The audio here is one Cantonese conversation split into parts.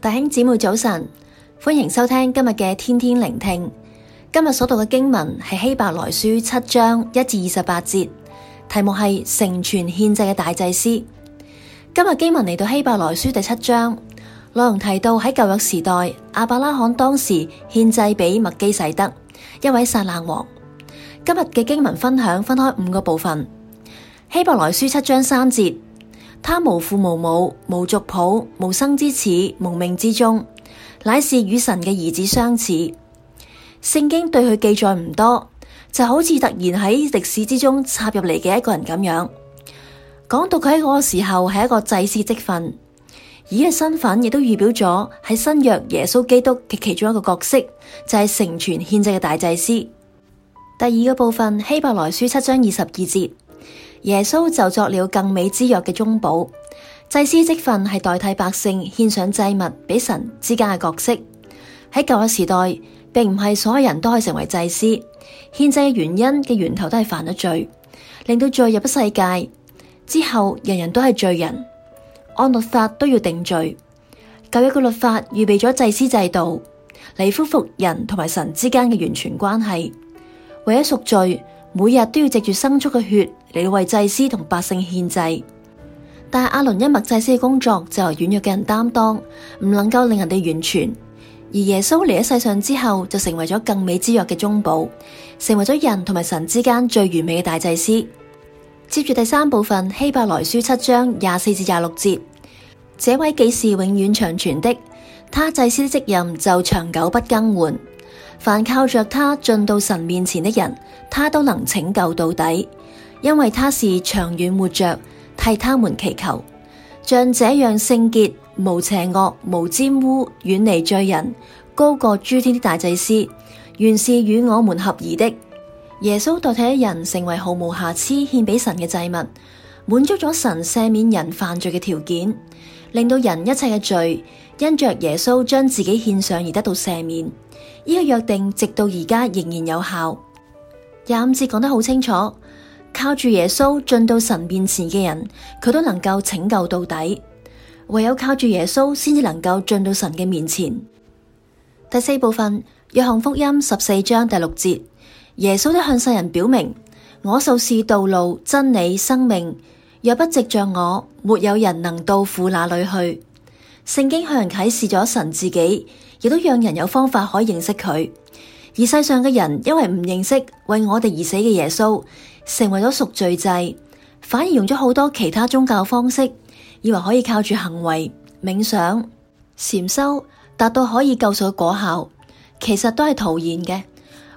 弟兄姊妹早晨，歡迎收聽今日嘅天天靈聽。今日所讀嘅經文係希伯來書七章一至二十八節，題目係成全獻祭嘅大祭司。今日經文嚟到希伯來書第七章，內容提到喺舊約時代，亞伯拉罕當時獻祭畀麥基洗德一位撒冷王。今日嘅經文分享分開五個部分，希伯來書七章三節。他無父無母，無族譜，無生之始，無命之終，乃是與神嘅兒子相似。聖經對佢記載唔多，就好似突然喺歷史之中插入嚟嘅一個人咁樣。講到佢喺嗰個時候係一個祭司職分，而嘅身份亦都預表咗喺新約耶穌基督嘅其中一個角色，就係、是、成全獻祭嘅大祭司。第二個部分，希伯來書七章二十二節。耶穌就作了更美之約嘅中保。祭司職份係代替百姓獻上祭物，俾神之間嘅角色。喺舊約時代，並唔係所有人都可以成為祭司。獻祭嘅原因嘅源頭都係犯咗罪，令到罪入咗世界之後，人人都係罪人。按律法都要定罪。舊約嘅律法預備咗祭司制度嚟恢復人同埋神之間嘅完全關係，為咗贖罪，每日都要藉住牲畜嘅血。嚟為祭司同百姓獻祭，但係阿倫一脈祭司嘅工作就由軟弱嘅人擔當，唔能夠令人哋完全。而耶穌嚟喺世上之後，就成為咗更美之約嘅中保，成為咗人同埋神之間最完美嘅大祭司。接住第三部分，希伯來書七章廿四至廿六節，這位既是永遠長存的，他祭司的職任就長久不更換，凡靠着他進到神面前的人，他都能拯救到底。因為他是長遠活着，替他們祈求，像這樣聖潔、無邪惡、無玷污、遠離罪人、高過諸天的大祭司，原是與我們合宜的。耶穌代替一人成為毫無瑕疵獻俾神嘅祭物，滿足咗神赦免人犯罪嘅條件，令到人一切嘅罪因着耶穌將自己獻上而得到赦免。呢、這個約定直到而家仍然有效。廿五節講得好清楚。靠住耶穌進到神面前嘅人，佢都能夠拯救到底。唯有靠住耶穌，先至能夠進到神嘅面前。第四部分，約翰福音十四章第六節，耶穌都向世人表明：我就是道路、真理、生命，若不藉着我，沒有人能到父那裏去。聖經向人啟示咗神自己，亦都讓人有方法可以認識佢。而世上嘅人因為唔認識為我哋而死嘅耶穌。成為咗贖罪祭，反而用咗好多其他宗教方式，以為可以靠住行為、冥想、禪修達到可以救贖嘅果效，其實都係徒然嘅。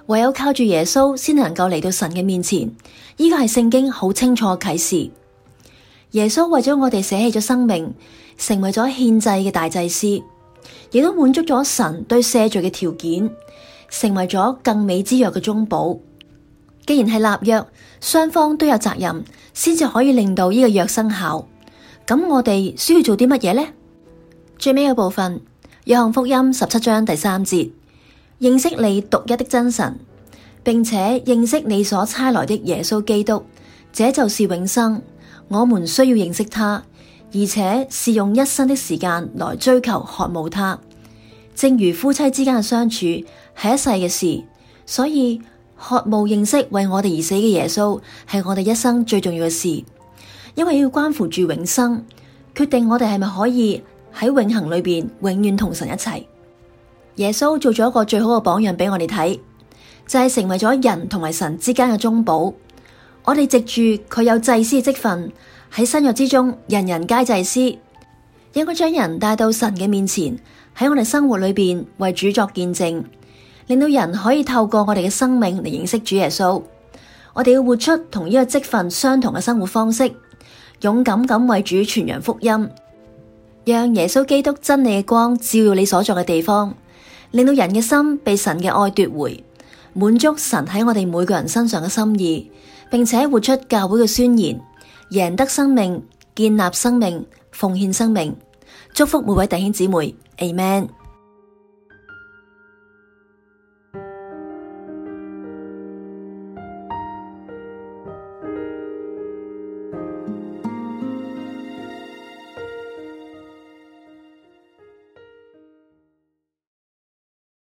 唯有靠住耶穌，先能夠嚟到神嘅面前。呢個係聖經好清楚的啟示。耶穌為咗我哋捨棄咗生命，成為咗獻祭嘅大祭司，亦都滿足咗神對赦罪嘅條件，成為咗更美之約嘅中保。既然係立約，雙方都有責任，先至可以令到呢個約生效。咁我哋需要做啲乜嘢呢？最尾嘅部分，約翰福音十七章第三節：認識你獨一的真神，並且認識你所差來的耶穌基督，這就是永生。我們需要認識他，而且是用一生的時間來追求、渴慕他。正如夫妻之間嘅相處係一世嘅事，所以。渴慕認識為我哋而死嘅耶穌，係我哋一生最重要嘅事，因為要關乎住永生，決定我哋係咪可以喺永恒裏邊永遠同神一齊。耶穌做咗一個最好嘅榜樣俾我哋睇，就係、是、成為咗人同埋神之間嘅中保。我哋藉住佢有祭司職份喺新約之中，人人皆祭司，應該將人帶到神嘅面前，喺我哋生活裏邊為主作見證。令到人可以透過我哋嘅生命嚟認識主耶穌，我哋要活出同呢個職分相同嘅生活方式，勇敢咁為主傳揚福音，讓耶穌基督真理嘅光照耀你所在嘅地方，令到人嘅心被神嘅愛奪回，滿足神喺我哋每個人身上嘅心意，並且活出教會嘅宣言，贏得生命，建立生命，奉獻生命，祝福每位弟兄姊妹。Amen。